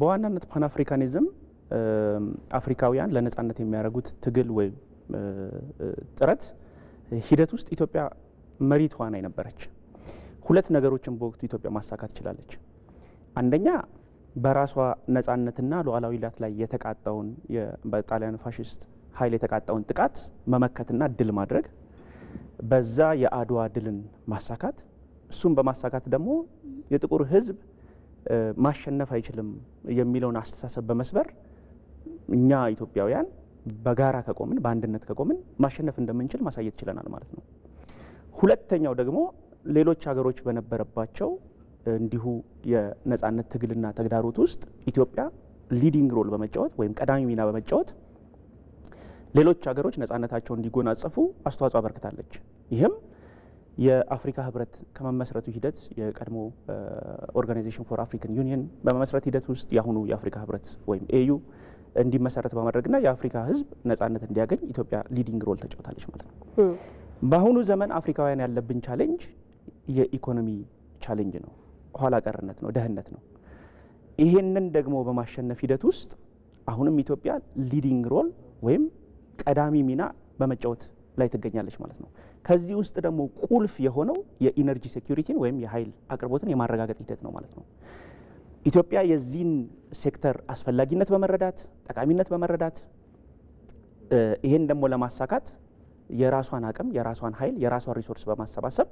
በዋናነት ፓን አፍሪካኒዝም አፍሪካውያን ለነጻነት የሚያደርጉት ትግል ወይም ጥረት ሂደት ውስጥ ኢትዮጵያ መሪ ተዋናይ ነበረች። ሁለት ነገሮችን በወቅቱ ኢትዮጵያ ማሳካት ችላለች። አንደኛ በራሷ ነጻነትና ሉዓላዊነት ላይ የተቃጣውን በጣሊያን ፋሽስት ኃይል የተቃጣውን ጥቃት መመከትና ድል ማድረግ፣ በዛ የአድዋ ድልን ማሳካት፣ እሱም በማሳካት ደግሞ የጥቁር ሕዝብ ማሸነፍ አይችልም የሚለውን አስተሳሰብ በመስበር እኛ ኢትዮጵያውያን በጋራ ከቆምን በአንድነት ከቆምን ማሸነፍ እንደምንችል ማሳየት ችለናል ማለት ነው። ሁለተኛው ደግሞ ሌሎች ሀገሮች በነበረባቸው እንዲሁ የነጻነት ትግልና ተግዳሮት ውስጥ ኢትዮጵያ ሊዲንግ ሮል በመጫወት ወይም ቀዳሚ ሚና በመጫወት ሌሎች ሀገሮች ነጻነታቸው እንዲጎናጸፉ አስተዋጽኦ አበርክታለች። ይህም የአፍሪካ ህብረት ከመመስረቱ ሂደት የቀድሞ ኦርጋናይዜሽን ፎር አፍሪካን ዩኒየን በመመስረት ሂደት ውስጥ የአሁኑ የአፍሪካ ህብረት ወይም ኤዩ እንዲመሰረት በማድረግና የአፍሪካ ህዝብ ነጻነት እንዲያገኝ ኢትዮጵያ ሊዲንግ ሮል ተጫውታለች ማለት ነው። በአሁኑ ዘመን አፍሪካውያን ያለብን ቻሌንጅ የኢኮኖሚ ቻሌንጅ ነው፣ ኋላ ቀርነት ነው፣ ደህንነት ነው። ይሄንን ደግሞ በማሸነፍ ሂደት ውስጥ አሁንም ኢትዮጵያ ሊዲንግ ሮል ወይም ቀዳሚ ሚና በመጫወት ላይ ትገኛለች ማለት ነው። ከዚህ ውስጥ ደግሞ ቁልፍ የሆነው የኢነርጂ ሴኩሪቲን ወይም የኃይል አቅርቦትን የማረጋገጥ ሂደት ነው ማለት ነው። ኢትዮጵያ የዚህን ሴክተር አስፈላጊነት በመረዳት ጠቃሚነት በመረዳት ይሄን ደግሞ ለማሳካት የራሷን አቅም የራሷን ኃይል የራሷን ሪሶርስ በማሰባሰብ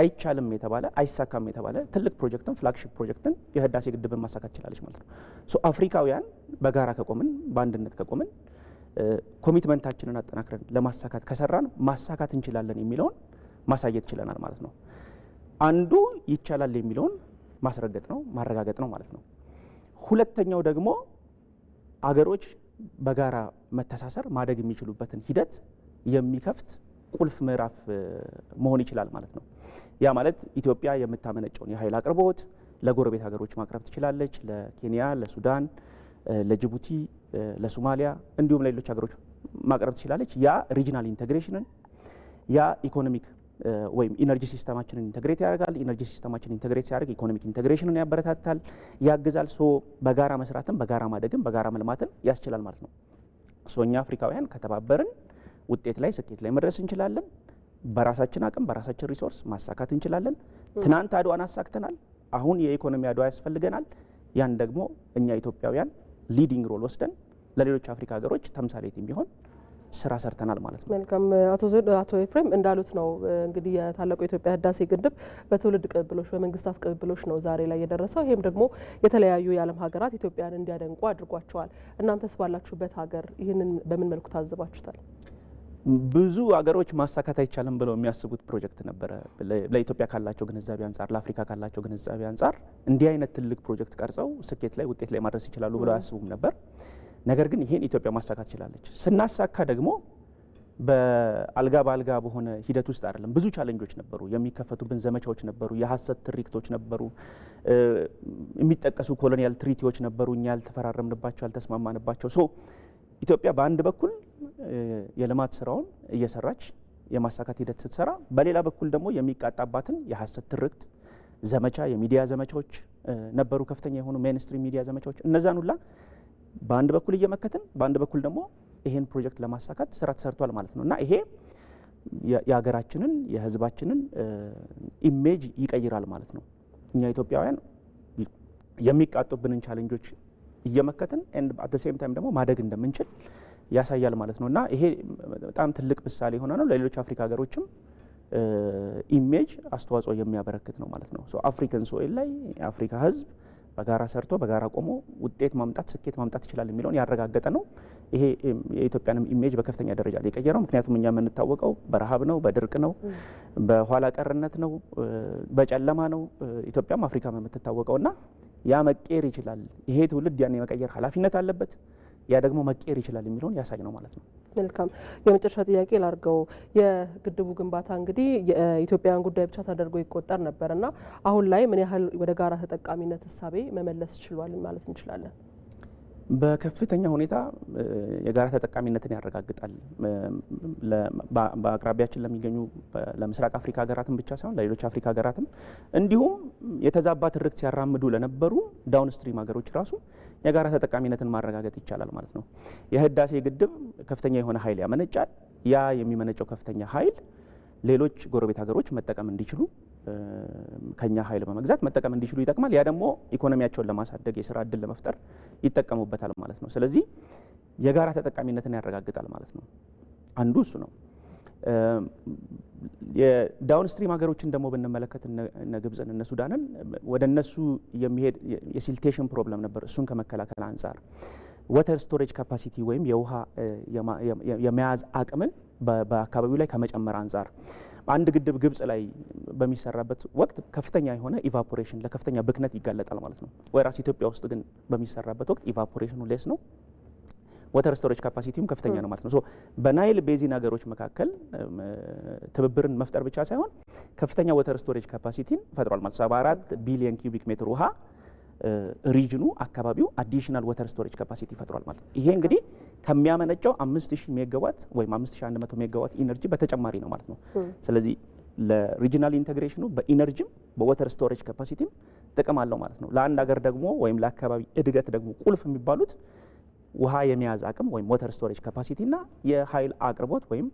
አይቻልም የተባለ አይሳካም የተባለ ትልቅ ፕሮጀክትን ፍላግሺፕ ፕሮጀክትን የህዳሴ ግድብን ማሳካት ችላለች ማለት ነው። አፍሪካውያን በጋራ ከቆምን በአንድነት ከቆምን ኮሚትመንታችንን አጠናክረን ለማሳካት ከሰራን ማሳካት እንችላለን የሚለውን ማሳየት ችለናል ማለት ነው። አንዱ ይቻላል የሚለውን ማስረገጥ ነው ማረጋገጥ ነው ማለት ነው። ሁለተኛው ደግሞ አገሮች በጋራ መተሳሰር ማደግ የሚችሉበትን ሂደት የሚከፍት ቁልፍ ምዕራፍ መሆን ይችላል ማለት ነው። ያ ማለት ኢትዮጵያ የምታመነጨውን የኃይል አቅርቦት ለጎረቤት ሀገሮች ማቅረብ ትችላለች። ለኬንያ፣ ለሱዳን ለጅቡቲ፣ ለሶማሊያ እንዲሁም ለሌሎች ሀገሮች ማቅረብ ትችላለች። ያ ሪጂናል ኢንቴግሬሽንን ያ ኢኮኖሚክ ወይም ኢነርጂ ሲስተማችንን ኢንተግሬት ያደርጋል። ኢነርጂ ሲስተማችን ኢንተግሬት ሲያደርግ ኢኮኖሚክ ኢንተግሬሽንን ያበረታታል፣ ያግዛል። ሶ በጋራ መስራትም በጋራ ማደግን በጋራ መልማትን ያስችላል ማለት ነው። ሶ እኛ አፍሪካውያን ከተባበርን ውጤት ላይ ስኬት ላይ መድረስ እንችላለን። በራሳችን አቅም በራሳችን ሪሶርስ ማሳካት እንችላለን። ትናንት አድዋን አሳክተናል። አሁን የኢኮኖሚ አድዋ ያስፈልገናል። ያን ደግሞ እኛ ኢትዮጵያውያን ሊዲንግ ሮል ወስደን ለሌሎች አፍሪካ ሀገሮች ተምሳሌት የሚሆን ስራ ሰርተናል ማለት ነው። መልካም አቶ ኤፍሬም እንዳሉት ነው እንግዲህ የታላቁ የኢትዮጵያ ህዳሴ ግድብ በትውልድ ቅብብሎች፣ በመንግስታት ቅብብሎች ነው ዛሬ ላይ የደረሰው። ይህም ደግሞ የተለያዩ የዓለም ሀገራት ኢትዮጵያን እንዲያደንቁ አድርጓቸዋል። እናንተስ ባላችሁበት ሀገር ይህንን በምን መልኩ ታዝባችሁታል? ብዙ አገሮች ማሳካት አይቻልም ብለው የሚያስቡት ፕሮጀክት ነበረ። ለኢትዮጵያ ካላቸው ግንዛቤ አንጻር፣ ለአፍሪካ ካላቸው ግንዛቤ አንጻር እንዲህ አይነት ትልቅ ፕሮጀክት ቀርጸው ስኬት ላይ ውጤት ላይ ማድረስ ይችላሉ ብለው አያስቡም ነበር። ነገር ግን ይሄን ኢትዮጵያ ማሳካት ትችላለች። ስናሳካ ደግሞ በአልጋ በአልጋ በሆነ ሂደት ውስጥ አይደለም። ብዙ ቻለንጆች ነበሩ፣ የሚከፈቱብን ዘመቻዎች ነበሩ፣ የሀሰት ትርክቶች ነበሩ፣ የሚጠቀሱ ኮሎኒያል ትሪቲዎች ነበሩ፣ እኛ ያልተፈራረምንባቸው ያልተስማማንባቸው። ሶ ኢትዮጵያ በአንድ በኩል የልማት ስራውን እየሰራች የማሳካት ሂደት ስትሰራ፣ በሌላ በኩል ደግሞ የሚቃጣባትን የሀሰት ትርክት ዘመቻ፣ የሚዲያ ዘመቻዎች ነበሩ፣ ከፍተኛ የሆኑ ሜንስትሪም ሚዲያ ዘመቻዎች። እነዛን ሁላ በአንድ በኩል እየመከትን፣ በአንድ በኩል ደግሞ ይሄን ፕሮጀክት ለማሳካት ስራ ተሰርቷል ማለት ነው እና ይሄ የሀገራችንን የህዝባችንን ኢሜጅ ይቀይራል ማለት ነው። እኛ ኢትዮጵያውያን የሚቃጡብንን ቻለንጆች እየመከትን ኤንድ አት ሴም ታይም ደግሞ ማደግ እንደምንችል ያሳያል ማለት ነው እና ይሄ በጣም ትልቅ ምሳሌ የሆነ ነው። ለሌሎች አፍሪካ ሀገሮችም ኢሜጅ አስተዋጽኦ የሚያበረክት ነው ማለት ነው። አፍሪካን ሶይል ላይ የአፍሪካ ህዝብ በጋራ ሰርቶ በጋራ ቆሞ ውጤት ማምጣት ስኬት ማምጣት ይችላል የሚለውን ያረጋገጠ ነው። ይሄ የኢትዮጵያንም ኢሜጅ በከፍተኛ ደረጃ ላይ ነው። ምክንያቱም እኛ የምንታወቀው በረሃብ ነው፣ በድርቅ ነው፣ በኋላ ቀርነት ነው፣ በጨለማ ነው። ኢትዮጵያም አፍሪካም የምትታወቀው እና ያ መቀየር ይችላል። ይሄ ትውልድ ያን የመቀየር ኃላፊነት አለበት። ያ ደግሞ መቀየር ይችላል የሚለውን ያሳይ ነው ማለት ነው። መልካም የመጨረሻ ጥያቄ ላርገው። የግድቡ ግንባታ እንግዲህ የኢትዮጵያውያን ጉዳይ ብቻ ተደርጎ ይቆጠር ነበር እና አሁን ላይ ምን ያህል ወደ ጋራ ተጠቃሚነት እሳቤ መመለስ ችሏል ማለት እንችላለን? በከፍተኛ ሁኔታ የጋራ ተጠቃሚነትን ያረጋግጣል። በአቅራቢያችን ለሚገኙ ለምስራቅ አፍሪካ ሀገራትም ብቻ ሳይሆን ለሌሎች አፍሪካ ሀገራትም እንዲሁም የተዛባ ትርክት ሲያራምዱ ለነበሩ ዳውንስትሪም ሀገሮች ራሱ የጋራ ተጠቃሚነትን ማረጋገጥ ይቻላል ማለት ነው። የህዳሴ ግድብ ከፍተኛ የሆነ ኃይል ያመነጫል። ያ የሚመነጨው ከፍተኛ ኃይል ሌሎች ጎረቤት ሀገሮች መጠቀም እንዲችሉ ከኛ ኃይል በመግዛት መጠቀም እንዲችሉ ይጠቅማል። ያ ደግሞ ኢኮኖሚያቸውን ለማሳደግ የስራ እድል ለመፍጠር ይጠቀሙበታል ማለት ነው። ስለዚህ የጋራ ተጠቃሚነትን ያረጋግጣል ማለት ነው። አንዱ እሱ ነው። የዳውንስትሪም ሀገሮችን ደግሞ ብንመለከት እነ ግብፅን እነ ሱዳንን ወደ እነሱ የሚሄድ የሲልቴሽን ፕሮብለም ነበር። እሱን ከመከላከል አንጻር ወተር ስቶሬጅ ካፓሲቲ ወይም የውሃ የመያዝ አቅምን በአካባቢው ላይ ከመጨመር አንጻር አንድ ግድብ ግብጽ ላይ በሚሰራበት ወቅት ከፍተኛ የሆነ ኢቫፖሬሽን ለከፍተኛ ብክነት ይጋለጣል ማለት ነው። ወይራስ ኢትዮጵያ ውስጥ ግን በሚሰራበት ወቅት ኢቫፖሬሽኑ ሌስ ነው። ወተር ስቶሬጅ ካፓሲቲውም ከፍተኛ ነው ማለት ነው። ሶ በናይል ቤዚን ሀገሮች መካከል ትብብርን መፍጠር ብቻ ሳይሆን ከፍተኛ ወተር ስቶሬጅ ካፓሲቲን ፈጥሯል ማለት ነው። 74 ቢሊዮን ኪዩቢክ ሜትር ውሃ ሪጅኑ አካባቢው አዲሽናል ወተር ስቶሬጅ ካፓሲቲ ፈጥሯል ማለት ነው። ይሄ እንግዲህ ከሚያመነጨው 5000 ሜጋዋት ወይም 5100 ሜጋዋት ኢነርጂ በተጨማሪ ነው ማለት ነው። ስለዚህ ለሪጅናል ኢንቴግሬሽኑ በኢነርጂም በወተር ስቶሬጅ ካፓሲቲም ጥቅም አለው ማለት ነው። ለአንድ ሀገር ደግሞ ወይም ለአካባቢ እድገት ደግሞ ቁልፍ የሚባሉት ውሃ የመያዝ አቅም ወይም ሞተር ስቶሬጅ ካፓሲቲ እና የኃይል አቅርቦት ወይም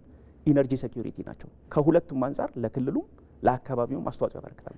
ኢነርጂ ሴኩሪቲ ናቸው። ከሁለቱም አንጻር ለክልሉም ለአካባቢውም አስተዋጽኦ ያበረክታል።